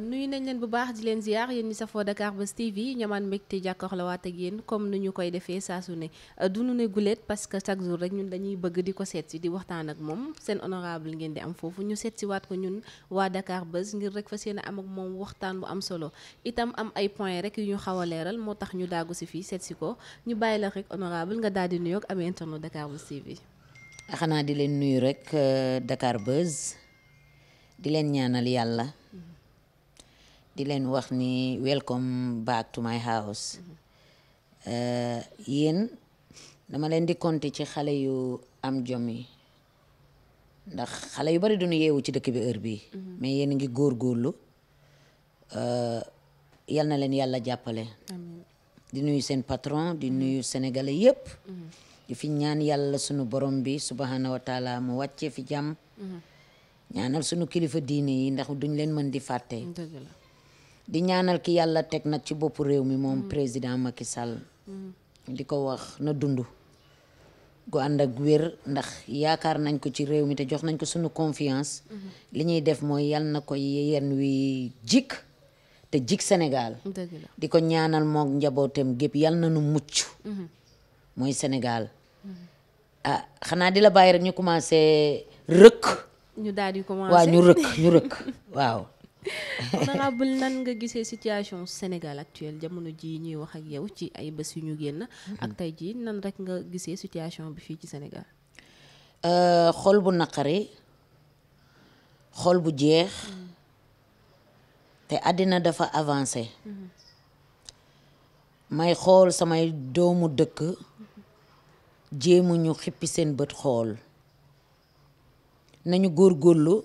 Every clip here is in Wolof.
nuyu nañ leen bu baax di leen ziar yéen ñi safoo Dakar Buzz TV ñamaan mbégte jàkkaarloo waat ak yéen comme ni ñu koy defee saa ne du nu ne guléet parce que chaque jour rek ñun dañuy bëgg di ko seet di waxtaan ak moom seen honorable ngeen di am foofu ñu seet waat ko ñun waa Dakar Buzz ngir rek fas yéene am ak moom waxtaan bu am solo itam am ay point rek yu ñu xaw a leeral moo tax ñu daagu si fii seet si ko ñu bàyyi la rek honorable nga daal di nuyoo ak amee internet Dakar Buzz xanaa di leen nuyu rek euh, Dakar Buzz di leen ñaanal yàlla. di leen wax ni welcome back to my house eh, yéen dama leen di compter ci xale yu am jom yi ndax xale yu bari duñu yeewu ci dëkk bi heure bii mm-hmm. mais yéen a ngi góorgóorlu eh, yal na leen yàlla jàppale di nuyu seen patron di nuyu sénégalais yépp mm-hmm. di fi ñaan yàlla sunu borom bi subhanahu wa mu wàcce fi jàmm mm-hmm. ñaanal sunu kilifa diine yi ndax duñ leen mën di fàtte di ñaanal ki yàlla teg nag ci boppu réew mi moom président Macky Sall. di ko wax na dund. gu ànd ak wér ndax yaakaar nañ ko ci réew mi te jox nañ ko suñu confiance li ñuy def mooy yal na ko yenn wi jikk te jik Sénégal di ko ñaanal moog njabootam gépp yal na nu mucc mooy Sénégal ah xanaa di la bàyyi rek ñu commencé rëkk ñu daal di commencé ñu rëkk ñu rëkk waaw honorable nan nga gisee situation Sénégal actuelle jamono ji ñuy wax ak yow ci ay bés yu ñu génn mhm. ak tey ji nan rekk nga gisee situation bi fii ci Sénégal euh, xool bu naqari xool bu jeex mhm. te àddina dafa avancé mhm. may xool samay doomu dëkk jéemu ñu xippi seen bët xool nañu góor góorgóorlu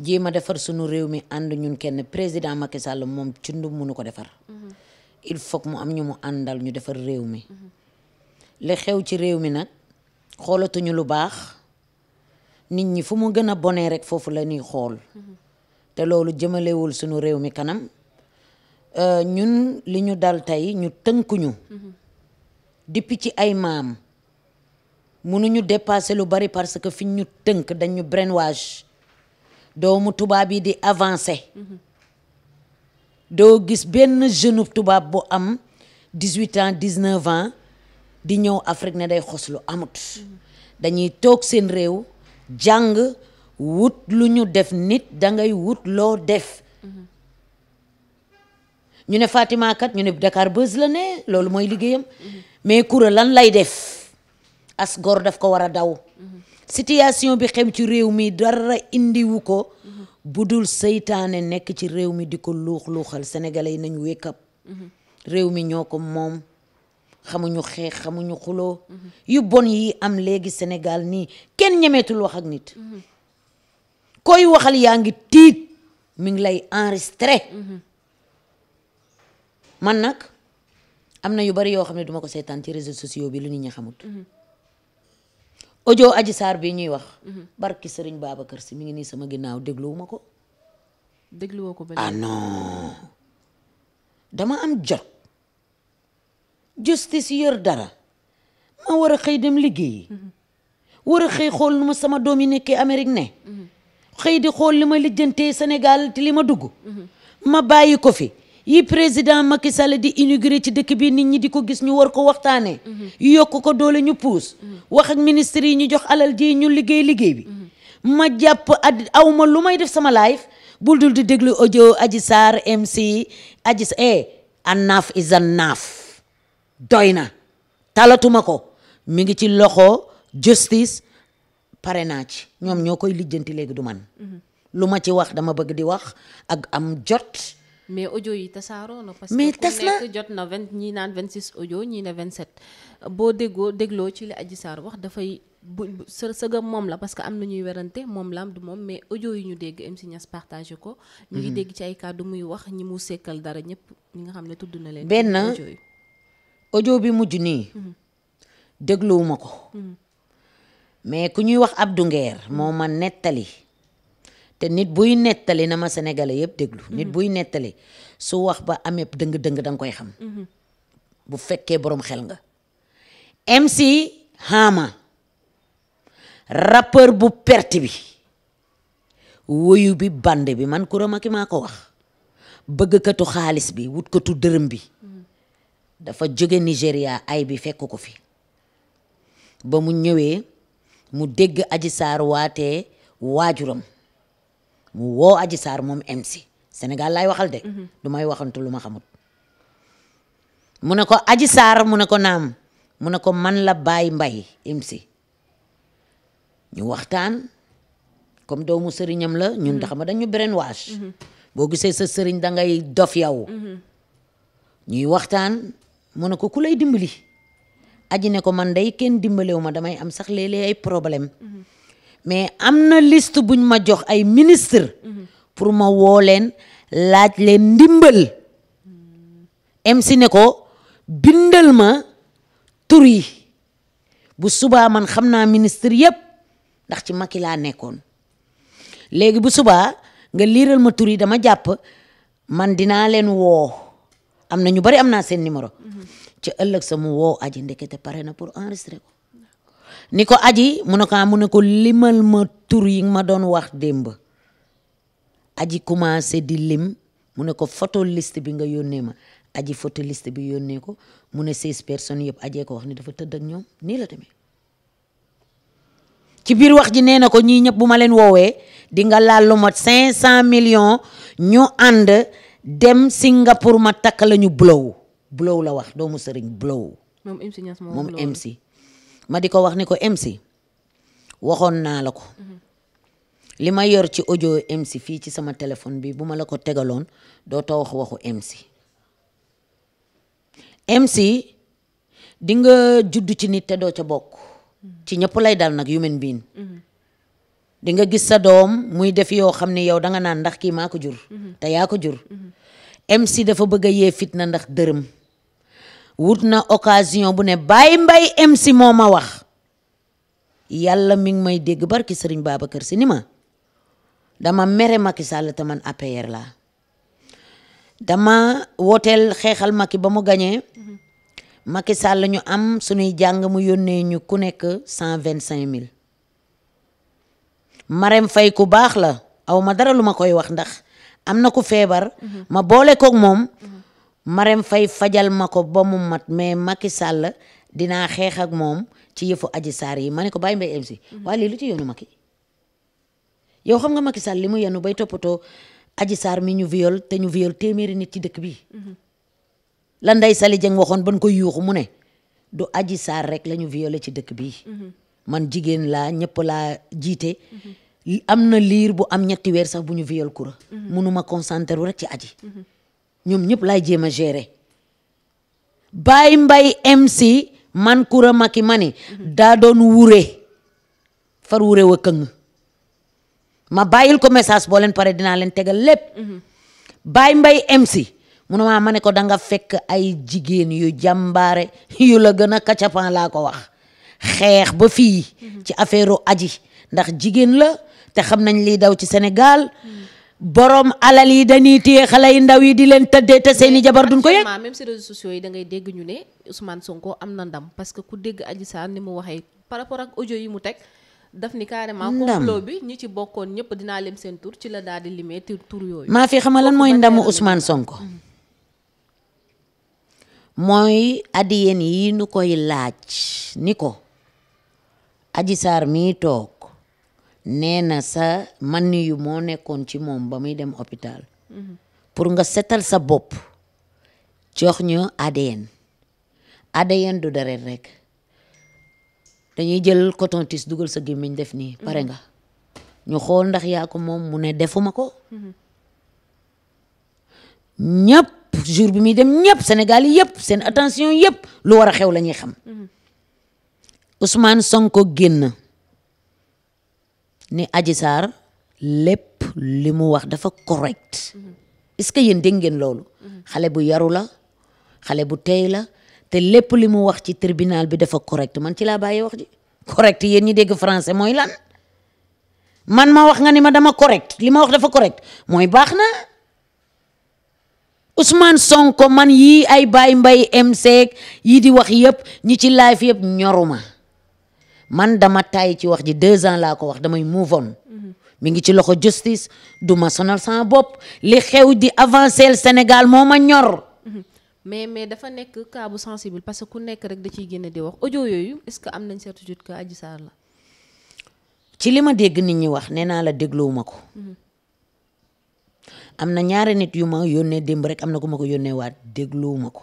jéem a defar sunu réew mi ànd ñun kenn président Macky Sall moom ci ndum mënu ko defar. Mm-hmm. il faut mu am ñu mu àndal ñu defar réew mi. Mm-hmm. li xew ci réew mi nag xoolatuñu lu baax nit ñi fu mu gën a bone rek foofu la ñuy xool. Mm-hmm. te loolu jëmalewul sunu réew mi kanam euh, ñun li ñu dal tey ñu tënkuñu. depuis ci ay maam mënuñu dépasser lu bari parce que fi ñu tënk dañu brainwash. doomu tubaab yi di avancé doo gis benn jeune tubaab bu am dix-huit ans dix-neuf ans di ñëw Afrique ne day xos lu amut dañuy toog seen réew jàng wut lu ñu def nit dangay wut loo def ñu ne Fatima kat ñu ne Dakar Buzz la ne loolu mooy liggéeyam mais Coura lan lay def asgor daf ko war a daw situation bi xem ci réew mi dara indiwu ko bu dul seytaane nekk ci réew mi di ko luux luuxal sénégalais yi nañu wake up réew mi ñoo ko moom xamuñu xeex xamuñu xuloo yu bon yi am léegi Sénégal nii kenn ñemeetul wax ak nit koy waxal yaa ngi tiit mu ngi lay enregistré man nag am na yu bari yoo xam ne duma ko seetaan ci réseaux sociaux bi lu nit ñi xamut audio Adji saar bi ñuy wax. barki Serigne Babacar si mi ngi nii sama ginnaaw dégluwuma ko. dégluwoo ko ba ah dama am jot. justice yor dara. ma war a xëy dem liggéeyi. war a xëy xool nu ma sama doom yi nekkee Amérique ne. Mhm. xëy di xool li ma lijjantee Sénégal te li ma dugg. ma bàyyi ko fi. yi président Macky Sall di inauguré ci dëkk bi nit ñi di ko gis ñu war ko waxtaanee. Mhm. yokk ko doole ñu puus. Mhm. wax ak ministre yi ñu jox alal ji ñu liggéey liggéey bi. Mhm. ma jàpp at aw lu may def sama live bul dul di déglu audio Adji Sarr MC Adji Sarr eh anaaf is anaaf doy na talatuma ko mu ngi ci loxo justice pare naa ci ñoom ñoo koy lijjanti léegi du man. lu ma ci wax dama bëgg di wax ak am jot. mais audio yi tasaaroo na. parce que ku nekk jot na vingt ñii naan vingt six audio ñii ne vingt sept boo déggoo dégloo ci li Adji Sarr wax dafay bu sa sëgam moom la parce que am na ñuy werante moom la du moom mais audio yi ñu dégg MC partagé ko. ñu ngi mhm. dégg ci ay kàddu muy wax ñi mu sekkal dara ñëpp ñi nga xam ne tudd na leen. benn audio bi mujj nii. Mhm. dégluwuma ko. Mhm. mais ku ñuy wax ab Nguer moo ma nettali. te nit buy nettali na ma sénégalais yëpp déglu. Mm-hmm. nit buy nettali su wax ba amee dëng-dëng da koy xam. Mm-hmm. bu fekkee boroom xel nga. MC Hama rappeur bu perte bi woyu bi bande bi man Coura Macky maa ko wax bëggkatu xaalis bi wutkatu dërëm bi. Mm-hmm. dafa jóge Nigéria ay bi fekk ko fi ba mu ñëwee mu dégg aji Sarr waatee waajuram. mu woo aji saar moom MC senegal laay waxal de. Mhm. du may waxantu lu ma xamut. mu ne ko aji Sarr mu ne ko naam mu ne ko man la Baye Mbaye MC ñu waxtaan comme doomu sëriñam la ñun mhm. da xam dañ ñu brainwash. Mhm. boo gisee sa sëriñ dangay dof yow. ñuy waxtaan mu ne ko ku lay dimbali. aji ne ko man day kenn dimbalewu ma damay am sax léeg ay problème. mais am na liste buñ ma jox ay ministre pour ma woo leen laaj leen ndimbal MC ne ko bindal ma tur yi bu subaa man xam naa ministre yépp ndax ci Macky laa nekkoon léegi bu subaa nga liiral ma tur yi dama jàpp man dinaa leen woo am na ñu bari am naa seen numéro mhm. ci ëllëg sa mu woo aji ndekete pare na pour enregistrer ko ni ko aji mu ne ko ah, mu ne ko limal ma tur yi ma doon wax démb aji commencé di lim mu ne ko photo list bi nga yónnee ma aji photo liste bi yónnee ko mu ne seize personnes yëpp ajee ko wax ni dafa tëdd ak ñoom nii la demee ci biir wax ji nee na ko ñii ñëpp bu ma leen woowee di nga laal lu mat cinq cent millions ñu ànd dem Singapour ma takk la ñu blow blow la wax doomu sëriñ blow moom MC ma di ko wax ni ko MC waxoon naa la ko li ma yor ci ojo MC fii ci sama téléphone bi bu ma la ko tegaloon doo ta waxu MC MC di nga judd ci nit te doo ca bokk ci ñëpp lay dal nag human being di nga gis sa doom muy def yoo xam ne yow danga naan ndax kii maa ko jur mm-hmm. te yaa ko jur MC dafa bëgg a yee fitna ndax dërëm wut na occasion bu ne Baye Mbaye MC moo ma wax yàlla mi ngi may dégg barki sëriñ Babacar Sy ni ma dama mere Macky Sall te man APR laa dama wooteel xeexal maki ba mu gañe Macky Sall ñu am suñuy jàng mu yónnee ñu ku nekk cent vingt cinq mille Marème Faye ku baax la aw ma dara lu ma koy wax ndax am na ku feebar mhm. ma boole koog moom mhm. Marème fay fajal ma ko ba mu mat mais Macky Sall dinaa xeex ak moom ci yëfu aji Sarr yi ma ne ko bàyyi mbay MC mhm. waaye lii lu ci yoonu Macky yow xam nga Macky Sall li mu yenu bay toppatoo aji saar mi ñu viol te ñu viol téeméeri nit ci dëkk bi mhm. la Ndeye Saly Dieng waxoon ban ko yuuxu mu ne du aji Sarr rek lañu ñu ci dëkk bi mhm. man jigéen laa ñëpp laa jiite am na liir bu am ñetti weer sax bu ñu viol kura mënuma concentré wu rek ci aji ñoom ñëpp laay jéem a gérer Baye Mbaye MC man Koura Macky ma ni daa doon wure far wure wa këng ma bàyyil ko message booleen pare dina leen tegal lépp mhm. Baye Mbaye MC mu maa ma ko danga fekk ay jigéen yu jàmbaare yu la gën a kacapan laa ko wax xeex ba fii mhm. ci affaire aji ndax jigéen la te xam nañ liy daw ci Sénégal mhm. borom alal yi dañuy téye xale yi ndaw yi di leen tëddee te seeni jabar duñ ko yëg même si réseaux sociaux yi da ngay dégg ñu ne Ousmane Sonko am na ndam parce que ku dégg Adji Sarr ni mu waxee par rapport ak audio yi mu teg daf ni carrément complot bi ñu ci bokkoon ñëpp dinaa lim seen tur ci la daal di limee tur yooyu maa fi xam lan mooy ndam Ousmane Sonko mm-hmm. mooy adiyeen yi nu koy laaj ni ko Adji Sarr mii toog nee na sa man yu moo nekkoon ci moom ba muy dem hôpital. pour nga setal sa bopp jox ñu ADN. ADN du deret rek dañuy jël coton-tige dugal sa gémmiñ def nii pare nga. ñu xool ndax yaa ko moom mu ne defuma ko. ñëpp jour bi muy dem ñëpp senegal yi yëpp seen attention yëpp lu war a xew la ñuy xam. Ousmane Sonko génn. ni Adji Sarr lépp li mu wax dafa correct mm-hmm. est-ce que yéen dégg ngeen loolu mm-hmm. xale bu yaru la xale bu teey la te lépp li mu wax ci tribunal bi dafa correct man ci laa bàyyi wax ji correct yéen ñi dégg français mooy lan man ma wax nga ni ma dama correct li ma wax dafa correct mooy baax na Ousmane Sonko man yii ay Baye Mbaye MC yii di wax yëpp ñi ci live yëpp ñoruma man dama tàyyi ci wax ji deux ans laa ko wax damay move on mi ngi ci loxo justice du ma sonal sama bopp li xew di avancer le Sénégal moo ma ñor. mais mais dafa nekk cas bu sensible parce que ku nekk rek da ciy génne di wax ojo yooyu est-ce que am nañ certitude que Adji Sarr la. ci li ma dégg nit ñi wax nee naa la dégluwuma ko. Mhm. am na ñaari nit yu ma yónnee démb rek am na ku ma ko yónnee waat dégluwuma ko.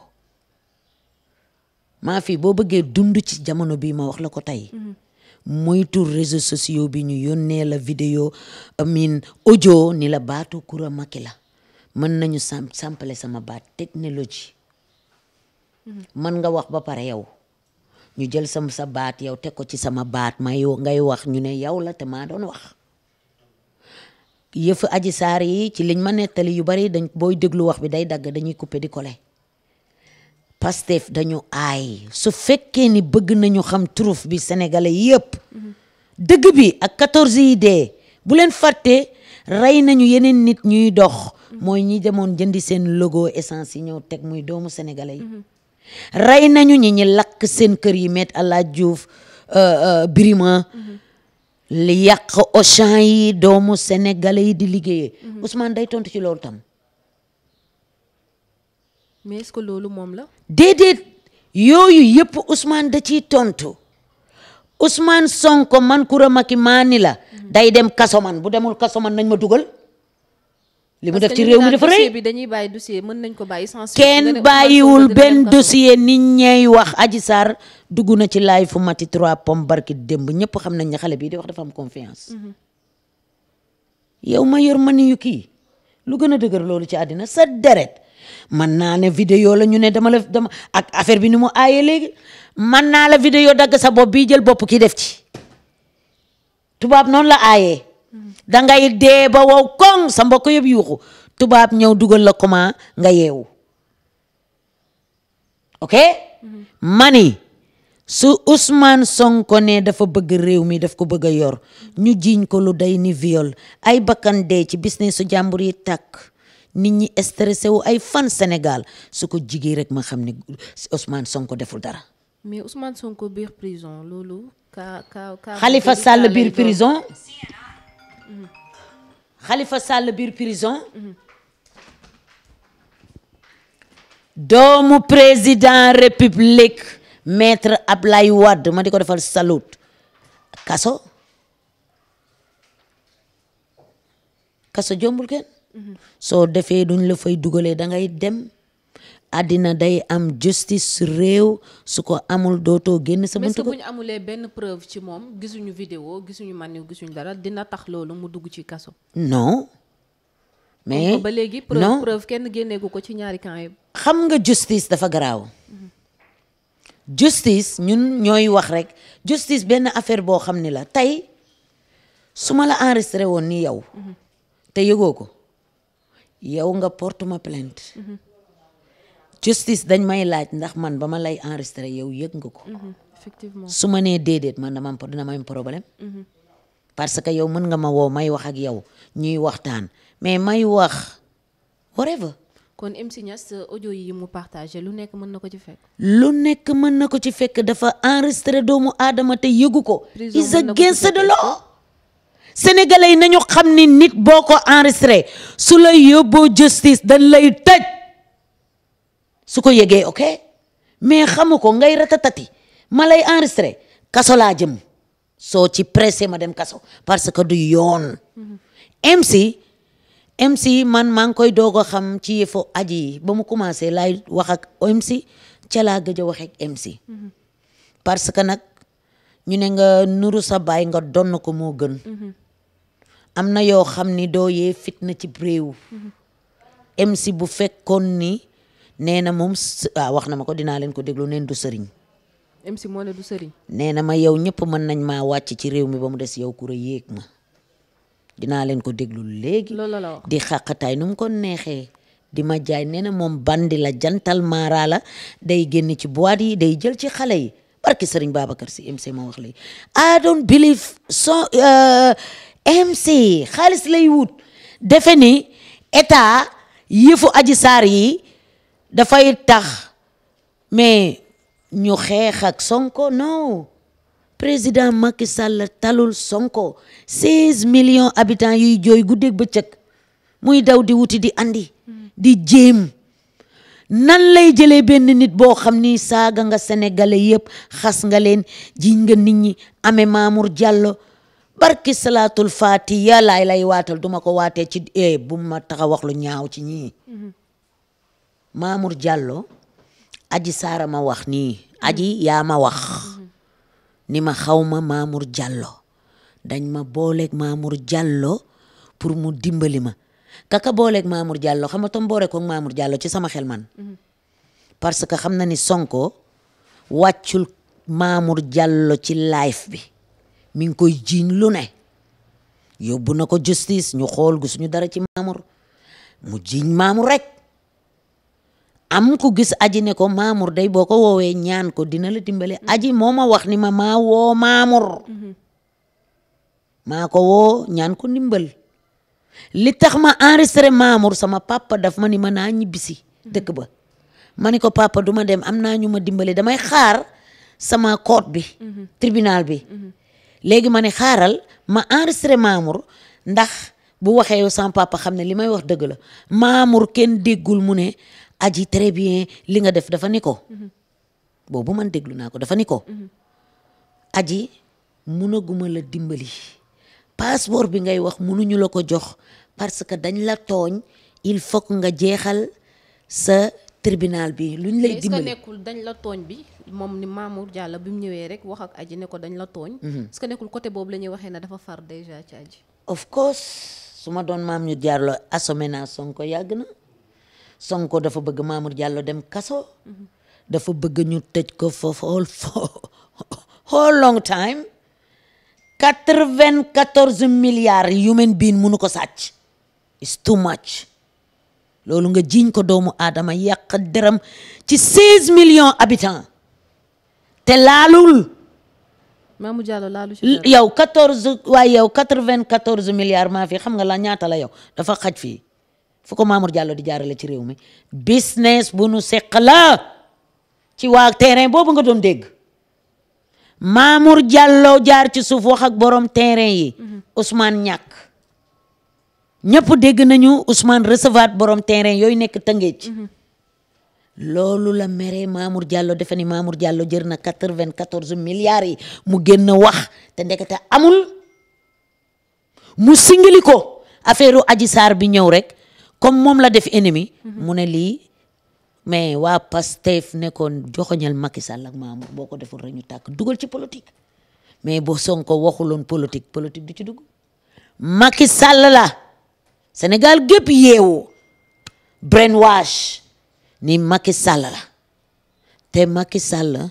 maa fi boo bëggee dund ci jamono bi ma wax la ko tey moytu réseaux sociaux bi ñu yónnee la vidéo amin audio ni la baatu kure Macky la mën nañu sam sampale sama baat technologie mën nga wax ba pare yow ñu jël sam sa baat yow teg ko ci sama baat may ngay wax ñu ne yow la te maa doon wax yëfu aji saar yi ci liñ ma nettali yu bari dañ booy déglu wax bi day dagg dañuy couper di coller Pastef dañu aay su fekkee ni bëgg nañu xam turuf bi sénégalais yëpp dëgg bi ak 14 yi dee bu leen fàttee rey nañu yeneen nit ñuy dox mooy ñi demoon jëndi seen logo essence yi ñëw teg muy doomu sénégalais yi rey nañu ñi ñi lakk seen kër yi met Alaaji Diouf euh, euh, Birima li yàq Auchan yi doomu sénégalais yi di liggéeyee mhm. Ousmane day tontu ci loolu tam déedéet yooyu yëpp Ousmane da ci tontu Ousmane Sonko man Coura Macky maa la day dem kasoman bu demul kaso man nañ ma dugal li mu def ci réew mi dafa rëy kenn bàyyiwul benn dossier ni ñay wax aji sar dugg na ci live fu mati trois pom barki démb ñëpp xam nañ ne xale bii di wax dafa am confiance mhm. yow ma yor ma ni yu kii lu gën a dëgër loolu ci àddina sa deret man naa ne vidéo la ñu ne dama la dama ak affaire bi ni mu aaye léegi man naa la vidéo dagg sa bopp bi jël bopp ki def ci tubaab noonu la aayee dangay dee ba wow koŋ sa mbokk yëpp yuuxu tubaab ñëw dugal la comment nga yeewu ok mani su Ousmane Sonko ne dafa bëgg réew mi daf ko bëgg a yor ñu jiiñ ko lu day ni viol ay bakkan dee ci bisnes su jàmbur yi takk nit ñi stressé wu ay fan Sénégal su ko jigee rek ma xam ne Ousmane Sonko deful dara. mais Ousmane Sonko biir prison loolu. ka mm-hmm. Khalifa Sall biir prison. Khalifa Sall biir prison. doomu président république maître Ablaye Wade ma di ko defal salut kaso kaso jombul kenn soo defee duñ la fay dugalee da ngay dem àddina day am justice réew su ko amul dootoo génn sa buntu ko bu ñu amulee benn preuve ci moom gisuñu vidéo gisuñu maniw gisuñu dara dina tax loolu mu dugg ci kaso non mais ba léegi preuve preuve kenn génneeku ko ci ñaari camp yëpp xam nga justice dafa garaaw justice ñun ñooy wax rek justice benn affaire boo xam ni la tey su ma la enregistré woon ni yow te yëgoo ko yow nga porte ma plainte justice dañ may laaj ndax man ba ma lay enregistré yow yëg nga ko su ma nee déedéet man dama am dina ma am problème parce que yow mën nga ma woo may wax ak yow ñuy waxtaan mais may wax whatever kon MC Niass lu nekk mën na ko ci fekk lu nekk mën na ko ci fekk dafa enregistré doomu aadama te yëgu ko is against the law sénégalais na nañu xam ni nit boo ko enregistré su lay yóbboo justice dan lay tëj su ko yëgee ok mais xamu ko ngay ratatati ma lay enregistré kaso laa jëm soo ci pressé ma dem kaso parce que du yoon MC MC man maa ngi koy doog xam ci yëfu aji yi ba mu commencé lay wax ak MC ca laa gëj a wax ak MC parce que nag ñu ne nga nuru sa baay nga donn ko moo gën am na yoo xam ni doo yee fitna ci réew MC bu fekkoon ni nee na moom waaw ah, wax na ma ko dinaa leen ko déglu neen du sëriñ MC moo ne nee na ma yow ñëpp mën nañ ma wàcc ci réew mi ba mu des yow ku yéeg ma dinaa leen ko déglu léegi di xàqataay nu mu ko neexee di ma jaay nee na moom bandi la jantal marala day génn ci boîte yi day jël ci xale yi barki sëriñ Babacar si MC ma wax léegi I don't believe uh, MC xaalis lay wut defe ni état yëfu aji saar yi dafay tax mais ñu xeex ak Sonko non président Macky talul Sonko 16 million habitants yuy jooy guddeeg bëccëg muy daw di wuti di andi. di jéem nan lay jëlee benn nit boo xam ni saaga nga sénégalais yëpp xas nga leen jiñ nga nit ñi amee Mamour Diallo. barki salaatul faati yàllaay lay waatal duma ko waatee ci e bu ma taxa wax lu ñaaw ci ñii Mamour Diallo aji saara ma wax nii aji yaa ma wax ni ma xawma Mamour Diallo dañ ma booleeg Mamour Diallo pour mu dimbali ma kaka booleeg Mamour Diallo xam nga tam boole ko Mamour Diallo ci sama xel man parce que xam na ni Sonko wàccul Mamour Diallo ci live bi mi ngi koy jiiñ lu ne yóbbu na ko justice ñu xool gisuñu dara ci Mamour mu jiiñ Mamour rek am ku gis aji ne ko Mamour day boo ko woowee ñaan ko dina la dimbale mm-hmm. aji moo ma wax ni ma maa woo Mamour mm-hmm. maa ko woo ñaan ko ndimbal li tax ma enregistré Mamour sama papa daf ma ni ma naa ñibbisi mm-hmm. dëkk ba ma ni ko papa duma dem am naa ñu ma dimbale damay xaar sama cour bi tribunal bi léegi ma ne xaaral ma enregistré Mamour ndax bu waxee yow papa xam ne li may wax dëgg la Mamour kenn déggul mu ne aji très bien li nga def dafa ni ko boobu man déglu naa ko dafa ni ko aji munaguma la dimbali passeport bi ngay wax munuñu la ko jox parce que dañ la tooñ il faut nga jeexal sa tribunal bi ñu lay dimbali nekkul dañ la tooñ bi moom ni Mamour Diallo bi mu ñëwee rek wax ak aji ne ko dañ la tooñ mhm. est-ce que nekkul côté boobu la ñuy waxee ne dafa far déjà ci aji of course su ma doon Mamour Diallo assommé naa Sonko yàgg na Sonko dafa bëgg Mamour Diallo dem kaso mhm. dafa bëgg ñu tëj ko foofu all whole long time quatre-vingt-quatorze milliards human being munu ko sàcc it's too much loolu nga jiiñ ko doomu aadama yàq deram ci 16 million habitants te laalul. Mamou Diallo laalu ci yow 14 waaye yow 94 milliards maa fi xam nga la ñaata la yow dafa xaj fii fu ko Mamour di jaarale ci réew mi business bu nu seq la ci waa terrain boobu nga doon dégg Mamour Diallo jaar ci suuf wax ak borom terrain yi mhm. Ousmane ñàkk ñëpp dégg nañu Ousmane recevoir borom terrain yooyu nekk Tëngéej. Mhm. loolu la mere Mamour Diallo defe ni Mamour Diallo jër na quatre-vingt-quatorze milliards yi mu génn wax te ndekete amul mu singili ko affaire Adji Sarr bi ñëw rek comme moom la def ennemi. Mhm. mu ne lii mais waa Pastef nekkoon joxoñal Macky Sall ak Mamour boo ko deful rek ñu tàkk dugal ci politique mais boo Sonko loon politique politique du ci dugg Macky Sall la. Sénégal gépp yeewu brainwash ni Macky Sall la te Macky Sall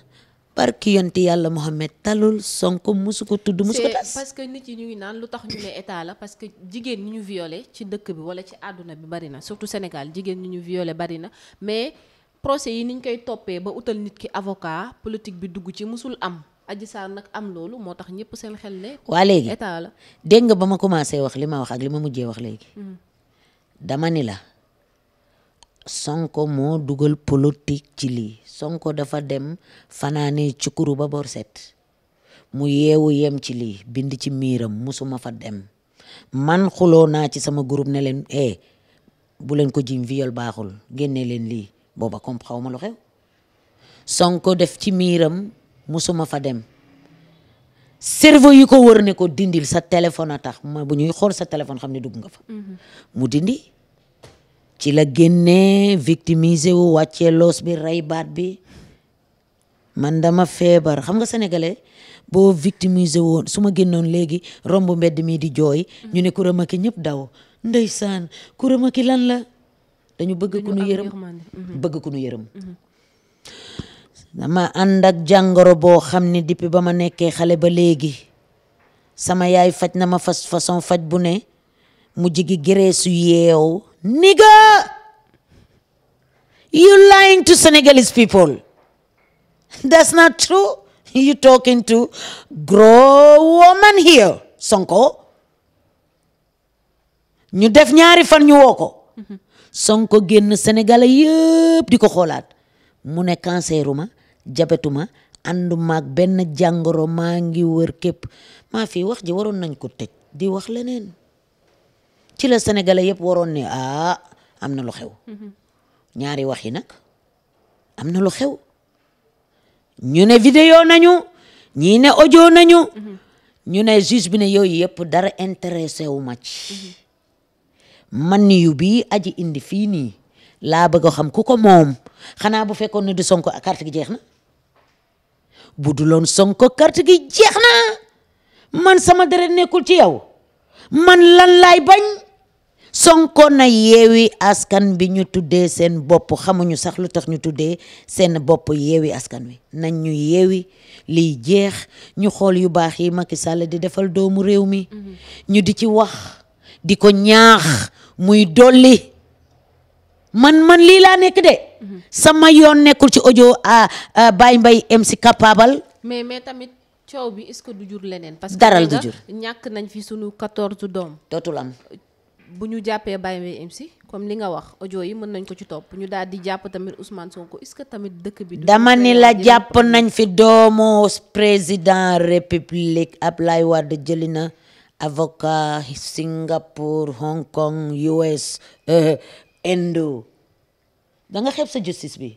barki yonti yàlla Mohamed talul Sonko musu ko tudd musu ko tas parce nit yi ñu ngi naan lu tax ñu ne état la parce que jigéen ñi ñu viole ci dëkk bi wala ci àdduna bi bari na surtout Sénégal jigéen ñi ñu viole bari na mais procès yi niñ koy toppee ba utal nit ki avocat politique bi dugg ci mosul am Adji Sarr am loolu moo tax ñëpp seen xel ne. waa léegi état la dégg nga ba ma commencé wax li ma wax ak li ma mujjee wax léegi. Mm-hmm. dama ni la. Sonko moo dugal politique ci lii Sonko dafa dem fanaane cukuru ba bor set mu yeewu yem ci lii bind ci miiram musuma fa dem man xuloo naa ci sama group ne leen eh, bu leen ko jiñ viol baaxul génne leen lii booba comme xaw ma lu xew Sonko def ci miiram. musuma fa dem cerveau yi ko wër ne ko dindil sa téléphone a tax ma bu ñuy xool sa téléphone xam ne dugg nga fa mhm. mu dindi ci la génnee victimisé wu wàccee loos bi rey baat bi man dama feebar xam nga sénégalais boo victimisé woo su ma génnoon léegi romb mbedd mii di jooy ñu ne Coura Macky ñëpp daw ndeysaan Coura Macky lan la dañu bëgg ku nu yërëm mhm. bëgg ku nu yërëm mhm. dama ànd ak jàngoro boo xam ne depuis ba ma nekkee xale ba léegi sama yaay faj na ma fas façon faj bu ne mu jigi gëreesu yeew nigga you lying to Senegalese people that's not true you talking to grown woman here Sonko ñu def ñaari fan ñu woo ko mm-hmm. Sonko génn senegal yëpp di ko xoolaat mu ne ma jabetuma ànduma ak benn jàngoro maa ngi wër képp maa fi wax ji waroon nañ ko tëj di wax leneen ci la sénégalais yëpp waroon ni ah am na lu xew. Mm-hmm. ñaari wax yi nag am na lu xew ñu ne vidéo nañu ñii ne audio nañu. Mm-hmm. ñu ne juge bi ne yooyu yëpp dara intéressé wu ma ci. Mm-hmm. man yu bii aji indi fii nii laa bëgg a xam ku ko moom xanaa bu fekkoon ne di Sonko carte gi jeex na. bu loon Sonko carte jeex na man sama deret nekkul ci yow man lan laay bañ Sonko na yeewi askan bi ñu tuddee seen bopp xamuñu sax lu tax ñu tuddee seen bopp yeewi askan wi nañ ñu yeewi liy jeex ñu xool yu baax yi Macky Sall di defal doomu réew mi ñu di ci wax di ko ñaax muy dolli man man lii laa nekk de sama yoon nekkul ci audio Baye Mbaye MC capable. mais mais tamit coow bi est-ce que du jur leneen. parce que daral du jur ñàkk nañ fi sunu 14 doom. dootul am. bu ñu jàppee Baye Mbaye MC comme li nga wax audio yi mën nañ ko ci topp ñu daal di jàpp tamit Ousmane Sonko est-ce que tamit dëkk bi. dama ni la jàpp nañ fi doomu président république Ablaye Wade jëli na avocat Singapour Hong Kong US euh, Indo danga nga sa justice bi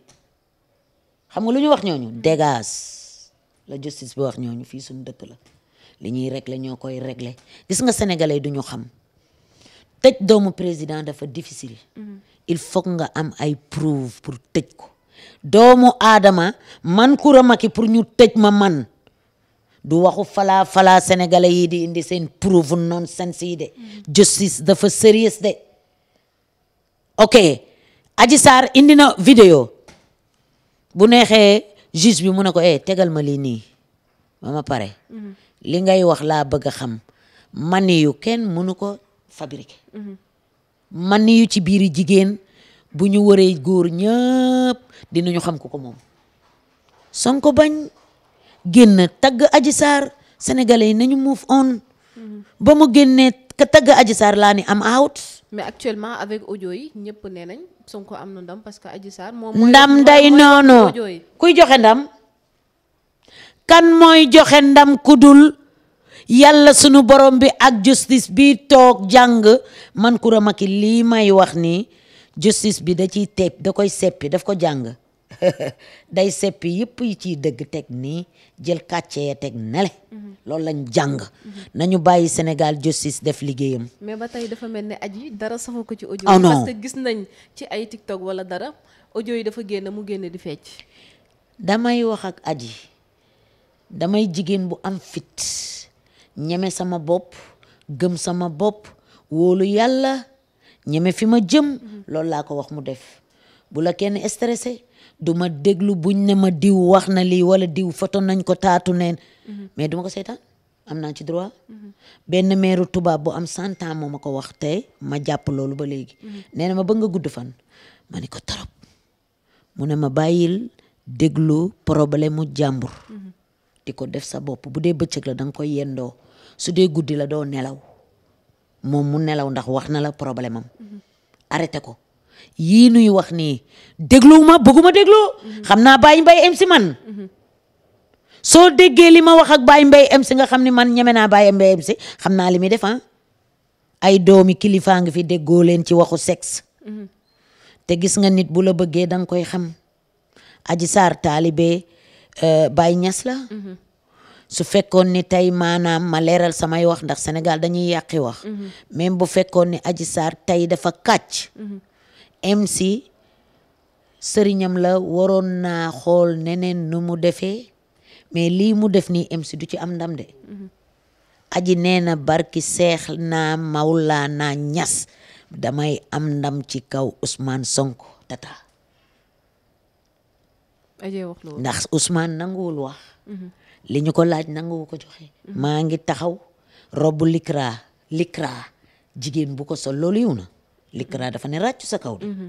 xam nga lu ñu wax ñooñu dégage la justice bi wax ñooñu fii suñu dëkk la li ñuy régler ñoo koy régler gis nga sénégalais duñu xam tëj doomu président dafa difficile mm-hmm. il faut nga am ay preuve pour ko doomu aadama man Coura maki pour ñu tëj ma man du waxu fala fala sénégalais yi di indi seen preuve non sense yi de mm-hmm. justice dafa sérieux de ok Adji Sarr indi na vidéo bu neexee juge bi mu ne ko eh tegal ma lii nii ba ma pare. Mhm. li ngay wax laa bëgg xam mani yu kenn mënu ko fabriquer. Mhm. mani yu ci biiri jigéen bu ñu waree góor ñëpp dinañu xam ko ko moom. Sonko bañ génn tagg Adji Sarr sénégalais yi nañu move on. Mhm. ba mu génnee ka tagg Adji Sarr laa ni am out. mais actuellement avec audio yi ñëpp nee nañ Sonko am na ndam parce que Adji Sarr moom ndam day noonu kuy joxe ndam kan mooy joxe ndam kudul yàlla sunu borom bi ak justice bi toog jàng man Coura Macky lii may wax nii justice bi da ciy tepp da koy seppi daf ko jàng day seppi yëpp yi ci dëgg teg nii jël kàcce ya teg nele mhm. loolu lañ jàng mhm. nañu bàyyi Sénégal justice def liggéeyam mais ba tey dafa mel ne aji dara saxu ko ci audio oh parce que gis nañ ci ay TikTok wala dara audio yi dafa génn mu génn di fecc damay wax ak aj yi damay jigéen bu am fit ñeme sama bopp gëm sama bopp wóolu yàlla ñeme fi ma jëm mhm. loolu laa ko wax mu def bu la kenn stressé du ma déglu buñ ne ma diw wax na lii wala diw foto nañ ko taatu neen mhm. mais du ko seetaan am naa ci droit mhm. benn meeru tubaab bu am cent ans moo ma ko wax tey ma jàpp loolu ba léegi mhm. nee na ma bëgg nga gudd fan ma ni ko torop mu ne ma bàyyil déglu problème mu jàmbur di ko def sa bopp bu dee bëccëg la da nga koy yendoo su dee guddi la doo nelaw moom mu nelaw ndax wax na la problème am arrêté ko yii nuy wax nii dégluwuma bëgguma dégloo xam naa Baye Mbaye MC man soo déggee li ma wax ak Baye Mbaye MC nga xam ni man ñeme naa Baye Mbaye MC xam naa li muy def ah ay doomi kilifaa ngi fi déggoo leen ci waxu sexe te gis nga nit bu la bëggee danga koy xam Adji Sarr taalibe euh, Baye Niass su fekkoon ni tey maanaam ma leeral samay wax ndax Sénégal dañuy yàqi wax même bu ni Adji Sarr tey dafa kàcc MC sëriñam la waroon naa xool neneen nu mu defee mais lii mu def nii MC du ci am ndam de mhm. aji nee na barki seex naa Mawlaana Ñas damay am ndam ci kaw Ousmane Sonko tata ndax Ousmane nanguwul wax mhm. li ko laaj nanguwu ko joxe mhm. maa ngi taxaw robu likra likra jigéen bu ko sol loolu na likra dafa ne ràccu sa kaw di mhm.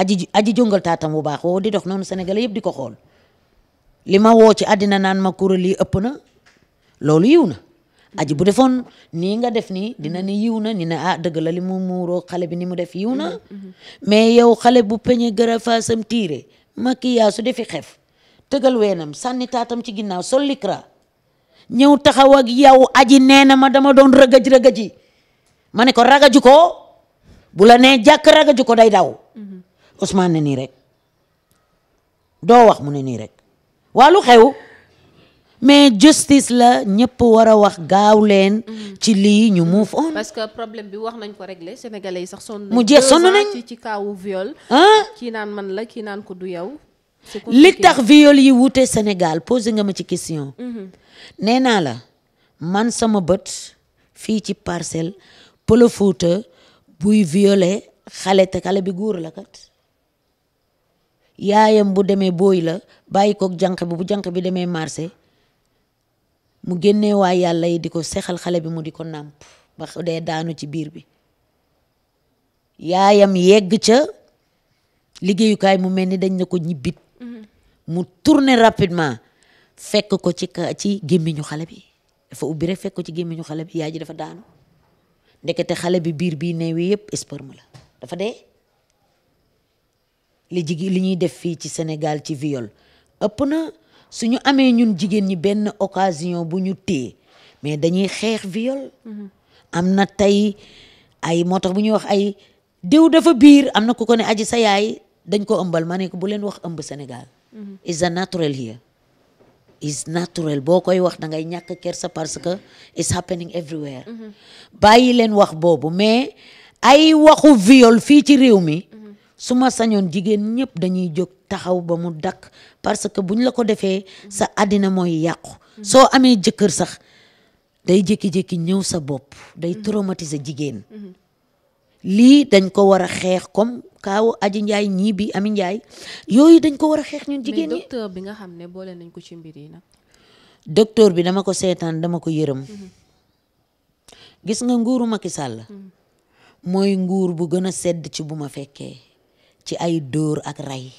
aji aji jongal taatam bu baax woo di dox noonu sénégalais yëpp di ko xool li ma woo ci àddina naan ma kuréel yi ëpp na loolu yiw na aji bu defoon nii nga def nii dina ni yiw na ni ne ah dëgg li mu muuroo xale bi ni mu def yiw na mhm, mhm. mais yow xale bu peñe gara faasam tiire makiyaa su defi xef tëgal weenam sànni taatam ci ginnaaw sol likra ñëw taxaw ak yow aji nee na ma dama doon rëgëj rëgëji ma ne ko ragaju ko bu la nee jàkk ragaju ko day daw Ousmane ne nii rek doo wax mu ne nii rek waa lu xew mais justice la ñëpp war a wax gaaw leen. ci lii ñu move on. parce que problème bi wax nañ ko réglé sénégalais yi sax sonn. mu jeex sonn nañ ci ci kaawu viol. kii naan man la kii naan ko yow. li tax viol yi wuute Sénégal posé nga ma ci question. Mhm. nee naa la man sama bët fii ci parcelle Pël buy violer xale te xale bi góor la kat yaayam bu demee booy la bàyyi kook jànq bi bu jànq bi demee marché mu génne waa yàlla yi di ko sexal xale bi mu di ko nàmp ba dee daanu ci biir bi yaayam yegg ca liggéeyukaay mu mel ni dañ ko ñibbit mm-hmm. mu tourner rapidement fekk ko ci ci gémmiñu xale bi dafa ubbi fekk ko ci gémmiñu xale bi yaay ji dafa daanu ndekete xale bi biir bii néew yëpp sperme la dafa dee li jigéen li ñuy def fii ci senegal ci viol ëpp na ñu amee ñun jigéen ñi benn occasion bu ñu téye mais dañuy xeex viol mm-hmm. am na tey ay moo tax bu ñuy wax ay diw dafa biir am na ku ko ne aji sa yaay dañ ko ëmbal ma ne ko bu leen wax ëmb Sénégal mm-hmm. is a natural here is boo koy wax da ngay ñàkk sa parce que it's happening everywhere mm-hmm. bàyyi leen wax boobu mais ay waxu viol fii ci réew mi mm-hmm. su ma sañoon jigéen ñëpp dañuy jóg taxaw ba mu dakk parce que buñ la ko defee mm-hmm. sa àddina mooy yàqu soo amee jëkkër sax day jékki-jékki ñëw sa bopp day traumatiser jigéen lii dañ ko war a xeex comme kaaw aji njaay ñii bi ami njaay yooyu dañ ko war a xeex ñun jigéen ñi mais bi nga xam ne boole nañ ko ci mbir nag docteur bi dama ko seetaan dama ko yërëm mhm. gis nga nguuru Macky Sall mhm. mooy nguur bu gën a sedd ci bu ma fekkee ci ay dóor ak rey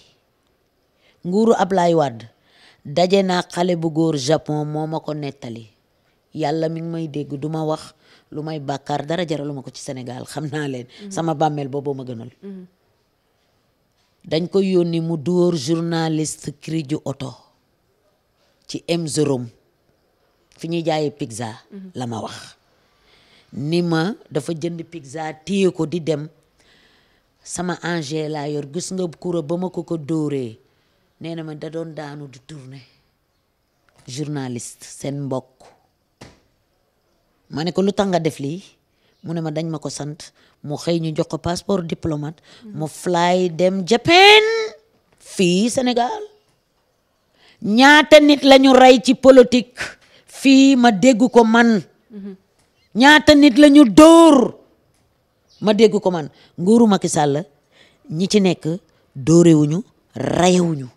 nguuru Ablaye wàdd daje naa xale bu góor Japon moo ma ko nettali yàlla mi ngi may dégg duma wax lu may bàkkaar dara ma ko ci Sénégal xam naa leen. sama bàmmeel boobu ma gënal. dañ ko yónni mu dóor journaliste cri oto ci M Zorom fi ñuy jaayee pizza. la ma wax ni ma dafa jënd pizza téye ko di dem sama angel laa yor gis nga kura ba ma ko ko dóoree nee na ma da doon daanu di tourner journaliste seen mbokk. ma ne ko lu tax def lii mu ne ma dañ ma ko sant mu xëy ñu jox ko passeport diplomate mu fly dem Japan fii Sénégal ñaata nit la ñu rey ci politique fii ma dégg ko man ñaata nit lañu ñu ma dégg ko man nguuru Macky Sall ñi ci nekk dóorewuñu reyewuñu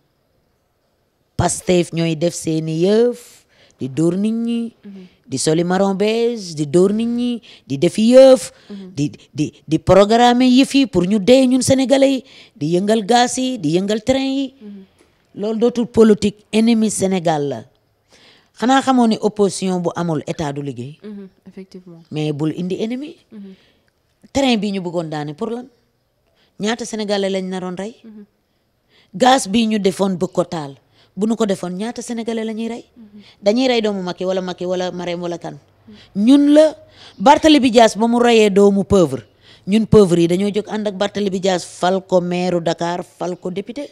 Pastef ñooy def seeni yëf Mhm. di dóor nit ñi di soli marron beige di door nit ñi di def yëf mhm. di di di programme yëf yi pour ñu dee ñun sénégalais yi di yëngal gaz yi di yëngal train yi mhm. loolu dootul politique ennemi Sénégal la xanaa xamoo ne opposition bu amul état du liggéey effectivement mais bul indi ennemi train bi ñu bëggoon daane pour lan ñaata sénégalais lañ naroon rey gaz bi ñu defoon bëgg ko taal bu nu ko defoon ñaata sénégalais la ñuy rey dañuy rey doomu Macky wala Macky wala Marème wala kan ñun la Barthélémy Dias ba mu reyee doomu pauvre ñun pauvre yi dañoo jóg ànd ak Barthélémy Dias fal ko maire Dakar fal ko député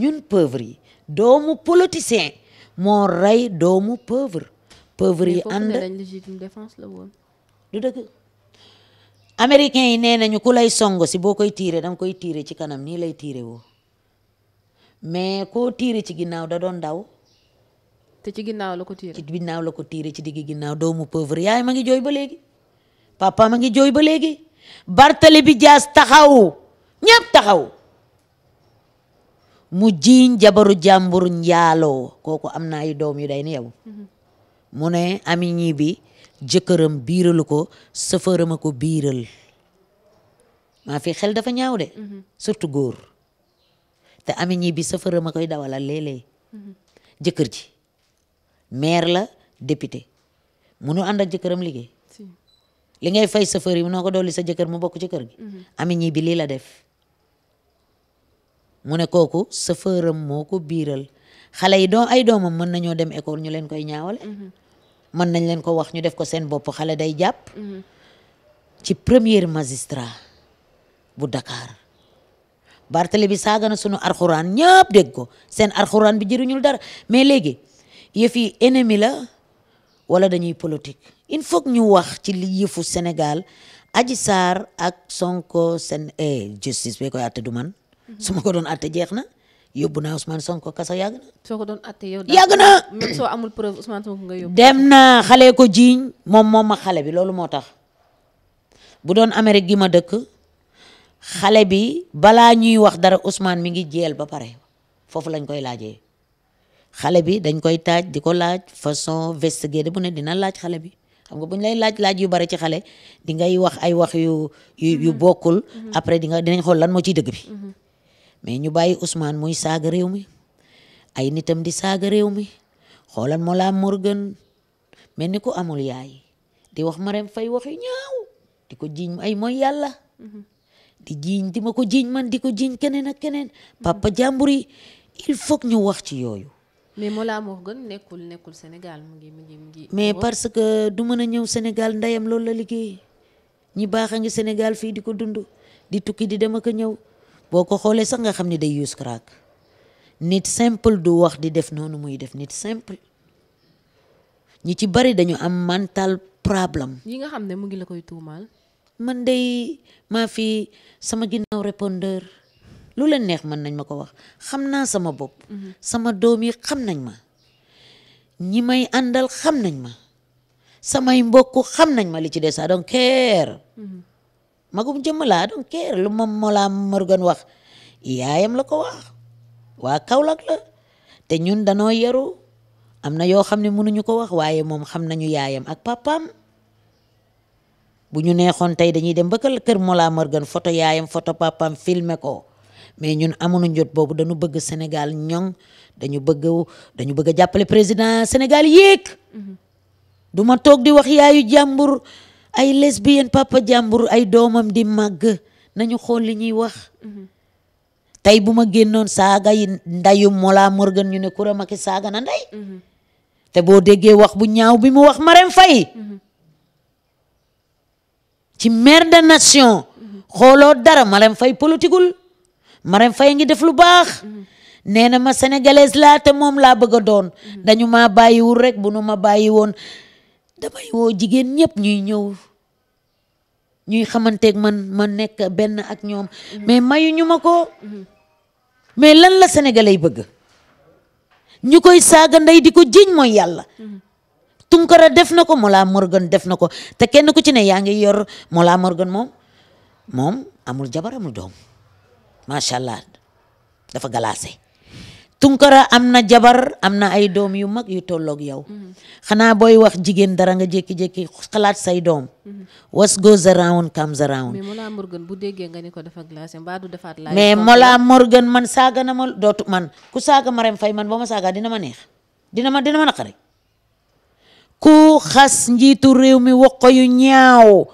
ñun pauvre yi doomu politicien moo rey doomu pauvre pauvre yi ànd légitime défense yi nee nañu ku lay songo si boo koy tiire danga koy tire ci kanam nii lay tiire woo mais ko tiire ci ginnaaw da doon daw. te ci ginnaaw la ko tiire. ci ginnaaw la ko tiire ci digg ginnaaw doomu pauvre yaay ma ngi jooy ba léegi papa ma ngi jooy ba léegi bartale bi jaas taxaw ñëpp taxaw. mu jiiñ jabaru jàmbur njaaloo kooku am na ay doom yu day ni yow mhm. mu ne ami ñi bi jëkkëram biiralu ko sëfëram a ko biiral maa fi xel dafa ñaaw de mhm. surtout góor te ami ñi bi safara ma koy dawalal léeg-léeg ji maire la député munu ànd ak jëkkëram liggéey li ngay fay safar yi munoo ko dolli sa jëkkër mu bokk ci kër gi mhm. ami ñi bi lii la def mu ne kooku safaram moo ko biiral xale yi doom ay doomam mën nañoo dem école ñu leen koy ñaawale mhm. mën nañ leen ko wax ñu def ko seen bopp xale day jàpp mhm. ci premier magistrat bu Dakar Bartélé bi saaga na sunu arxuraan ñëpp dégg ko seen arxuraan bi jëriñul dara mais léegi yëfi yi la wala dañuy politique il faut ñu wax ci li yëfu senegal aji saar ak Sonko seen eh, justice bee koy àtte du man su ma ko doon àtte jeex na yóbbu naa Ousmane Sonko kaso yàgg soo ko doon àtte yow. yàgg na même amul preuve dem na xale ko jiiñ moom moom ma xale bi loolu moo tax bu doon Amérique gi dëkk. xale bi balaa ñuy wax dara Ousmane mi ngi jeel ba pare foofu lañ koy laajee xale bi dañ koy taaj di ko laaj façon investiguer bu ne di dina laaj xale bi xam nga bu ñu laaj laaj yu bari ci xale di ngay wax ay wax yu yu yu mm-hmm. bokkul. Mm-hmm. après di nga dinañ xool lan moo ciy dëgg bi. Mm-hmm. mais ñu ba Ousmane muy saaga réew mi ay nitam di saaga réew mi xoolal Mollah Morgun mel ni ko amul yaay di wax Marème Faye wax yu ñaaw di ko jiiñ ay mooy yàlla. di jiiñ di ma ko jiiñ man di ko jiiñ keneen ak keneen papa jàmbur yi il faut que ñu wax ci yooyu. mais Mollah Morgun nekkul nekkul Sénégal mu ngi mu ngi mu ngi. mais parce que du mën a ñëw senegal ndeyam loolu la liggéey ñi baax a ngi Sénégal fii di ko dund di tukki di dem ak ñëw boo ko xoolee sax nga xam ne day use crack nit simple du wax di def noonu muy def nit simple ñu ci bari dañu am mental problème. yi nga xam ne mu ngi la koy tuumaal. man day maa fi sama ginnaaw répondeur lu leen neex mën nañ ma ko wax xam naa sama bopp mhm. sama doom xam nañ ma ñi may àndal xam nañ ma samay mbokk xam nañ ma li ci des I don't care mhm. magum jëmm laa I lu moom Mollah Morgun wax yaayam la ko wax waa kawlak la te ñun danoo yaru am na yoo xam ne mënuñu ko wax waaye moom xam nañu yaayam ak papaam bu ñu neexoon tey dañuy dem ba kër Mollah Morgun photo yaayam photo papam filmer ko mais ñun amuñu njot boobu dañu bëgg senegal ñoŋ dañu bëgg dañu bëgg jàppale président senegal yéeg mm-hmm. du ma toog di wax yaayu jàmbur ay lesbienne papa jàmbur ay doomam di màgg nañu xool li ñuy wax mm-hmm. tey bu ma génnoon saaga yi ndayu Mollah Morgun ñu ne Coura Macky saaga na nday mm-hmm. te boo déggee wax bu ñaaw bi wax Marème Faye ci maire de nation xooloo dara Marème fay politikul Marème Faye ngi def lu baax nee na ma sénégalaise laa te moom laa bëgg a doon dañu ma bàyyiwul rek bu nu ma bàyyi woon damay woo jigéen ñëpp ñuy ñëw ñuy xamanteeg man ma nekk benn ak ñoom mais mayuñu ma ko mais lan la sénégalais bëgg ñu koy saaga ndey di ko jiñ mooy yàlla Tunkara def na ko Mollah Morgun def na ko te kenn ku ci ne yaa ngi yor Mollah Morgun moom moom amul jabar amul doom macha allah dafa galaase Tunkara am na jabar am na ay doom yu mag yu tolloog yow mm-hmm. xanaa booy wax jigéen dara nga jékki-jékki xalaat say doom mm -hmm. what goes around comes around mais Mollah Morgun bu déggee nga ni ko dafa glacé mbaa du defaat laaj mais Mollah Morgun man saaga na ma dootu man ku saaga Marème fay man boo ma saaga dina ma neex dina ma dina ma naqari ku xas njiitu réew mi wax yu ñaaw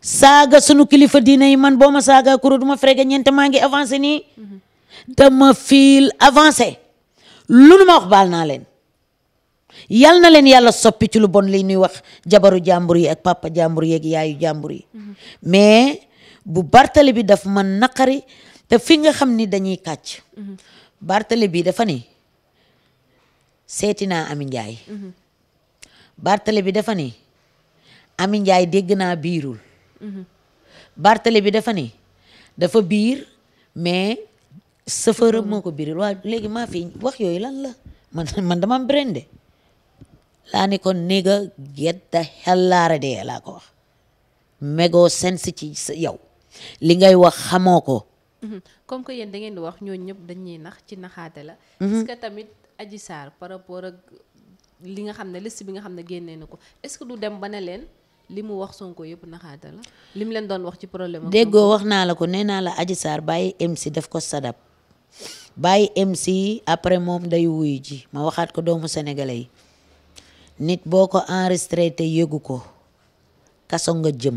saaga sunu kilifa diina yi man boo ma saaga kuro du ma frega ñeent maa ngi avancé nii dama fiil avancé lu nu ma wax naa leen yal na leen yàlla soppi ci bon li ñuy wax jabaru jàmbur yi ak papa jàmbur yi ak yaayu jàmbur yi mais bu bartale bi daf man naqari te fi nga xam ni dañuy kàcc mhm. bartale bi dafa ni seeti naa Ami Njaay bi dafa ni Ami Ndiaye dégg naa biirul bi dafa ni dafa biir mais sëfëram moo ko biiril léegi maa fi wax yooyu lan la man man dama am brende laa ni ko nigga get the hell laa ko wax mégo sensi ci yow li ngay wax xamoo ko mhm. comme que yenn da ngeen di wax ñooñu ñëpp dañuy nax ci naxaate la mhm. est-ce tamit Adji Sarr par rapport li nga xam ne liste bi nga xam ne génnee na ko est-ce que du dem ba ne leen li mu wax Sonko yëpp naxaata la li mu leen doon wax ci problème déggoo wax naa la ko nee naa la Adji Sarr bàyyi MC def ko sadab bàyyi MC après moom day wuyu ji ma waxaat ko doomu sénégalais yi nit boo ko enregistré te yëgu ko kaso nga jëm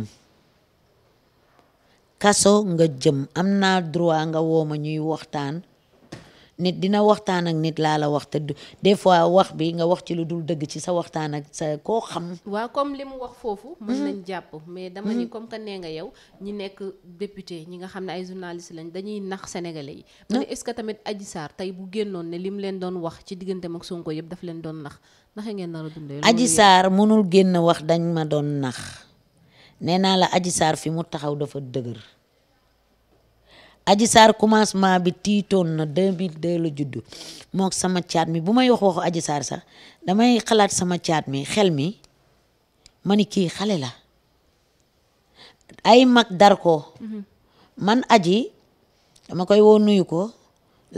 kaso nga jëm am naa droit nga woo ma ñuy waxtaan nit dina waxtaan ak nit laa la wax te des fois wax bi nga wax ci lu dul dëgg ci sa waxtaan ak sa koo xam. waaw comme li mu wax foofu. mun mhm. nañ jàpp mais dama ni mhm. comme que nee nga yow ñi nekk député ñi nga xam ne ay journaliste lañ dañuy nax sénégalais yi. Ah. ma ne est-ce que tamit Adji Sarr tey bu génnoon ne mu leen doon wax ci digganteem ak Sonko yëpp dafa leen doon nax naxe ngeen nar a dundee. Adji Sarr mënul génn wax dañ ma doon nax nee naa la Adji Sarr fi mu taxaw dafa dëgër. Adji Sarr commencement bi tiitoon na 2002 la juddu mook sama caat mi bu may wax waxu Adji Sarr sax damay xalaat sama caat mi xel mi mani kii xale la ay mag dar ko mhm. man Adji dama koy woo nuyu ko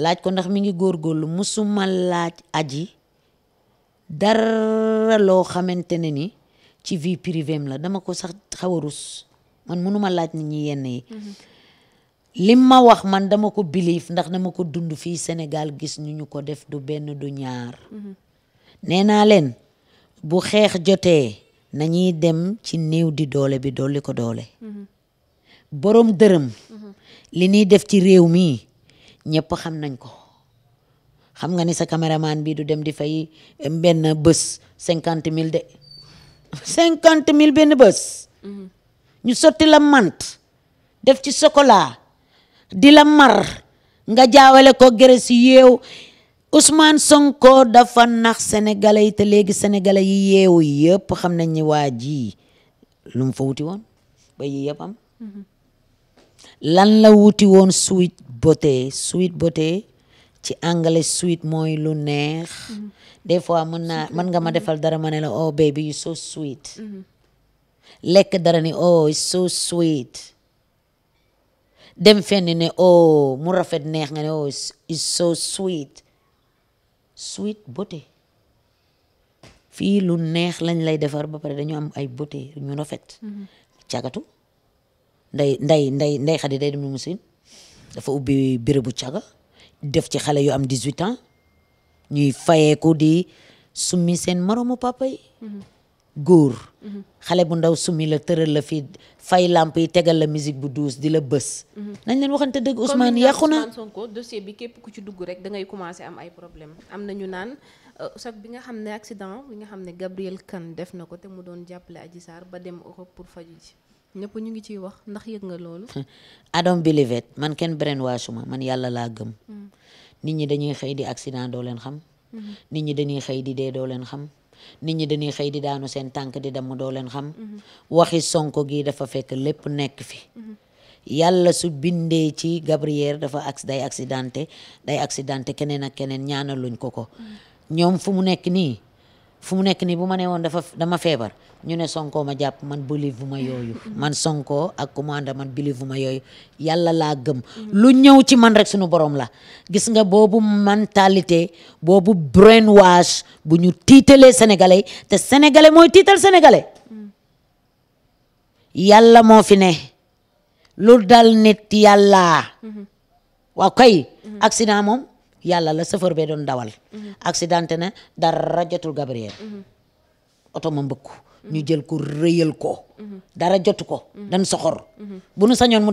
laaj ko ndax mi ngi góor góorgóorlu musuma laaj Adji dara loo xamante ne ni ci vie privée la dama ko sax xaw a rus man mënuma laaj nit ñi yenn yi mhm. lim ma wax man dama ko believe ndax dama ko dund fii senegal gis ñu ñu ko def du benn du ñaar mhm. nee naa leen bu xeex jotee nañuy dem ci néew di doole bi dolli ko doole mhm. boroom dërëm mhm. li ñuy def ci réew mii ñëpp xam nañ ko xam nga ni sa caméraman bi du dem di fay benn bés cinquante mille de cinquante mille benn bës ñu sotti la mant def ci chocolat di la mar nga jaawale ko gere si yeew Ousmane Sonko dafa nax sénégalais yi te léegi yi yeewu yëpp xam nañ ni waa ji lu mu fa wuti woon ba yi yëpp mm-hmm. lan la wuti woon sweet beauté sweet beauté ci anglais sweet mooy lu neex mm-hmm. des fois mën naa mën nga ma mm-hmm. defal dara ma ne la oh baby you so sweet lekk dara ni oh it's so sweet dem fenn ne oh mu rafet neex nga ne oh is so sweet sweet beauté fii lu neex lañ lay defar ba pare dañu am ay beauté ñu rafet. Mm-hmm. cagatu nday nday nday nday xadi day dem limousine dafa ubbi bérébu caga def ci xale yu am 18 ans ñuy fayeeku di summi seen moromu papa góor mhm. xale bu ndaw sumi la tëral la fii fay lamp yi tegal la musique bu douce di la bës mhm. nañ leen waxante dëgg Ousmane yàqu na Ousmane Sonko dossier bi képp ku ci dugg rek da ngay commencé am ay problème am na nañu naan sax euh, bi nga xam ne accident bi nga xam ne Gabriel kan def na ko te mu doon jàppale Adji saar ba dem Europe pour faju ji ñëpp ñu ngi ciy wax ndax yëg nga loolu I don't believe it man kenn brainwash ma man yàlla laa gëm mm. nit ñi dañuy xëy di accident doo nit ñi dañuy xëy di daanu seen tànk di dem doo leen xam. waxi sonko gi dafa fekk lépp nekk fi. yàlla su bindee ci Gabriel dafa ax day accidenté day accidenté keneen ak keneen ñaanaluñ ko ko. ñoom fu mu nekk nii. fu mu nekk nii bu ma nee woon dafa dama feebar ñu ne Sonko ma jàpp man believe ma yooyu man Sonko ak commande man believe ma yooyu yàlla laa gëm lu ñëw ci man rek suñu borom la gis nga boobu mentalité boobu brainwash bu ñu tiitalee sénégalais te sénégalais mooy tiital sénégalais yàlla moo fi ne lu dal nit yàlla mm-hmm. waaw kay mm-hmm. accident moom yàlla la chauffeur bee doon dawal. Mhm. accidenté na dara jotul Gabriel. Mhm. oto ma mbëkk. ñu jël ko rëyal ko. Mhm. dara jotu ko. dañ soxor. bu nu sañoon mu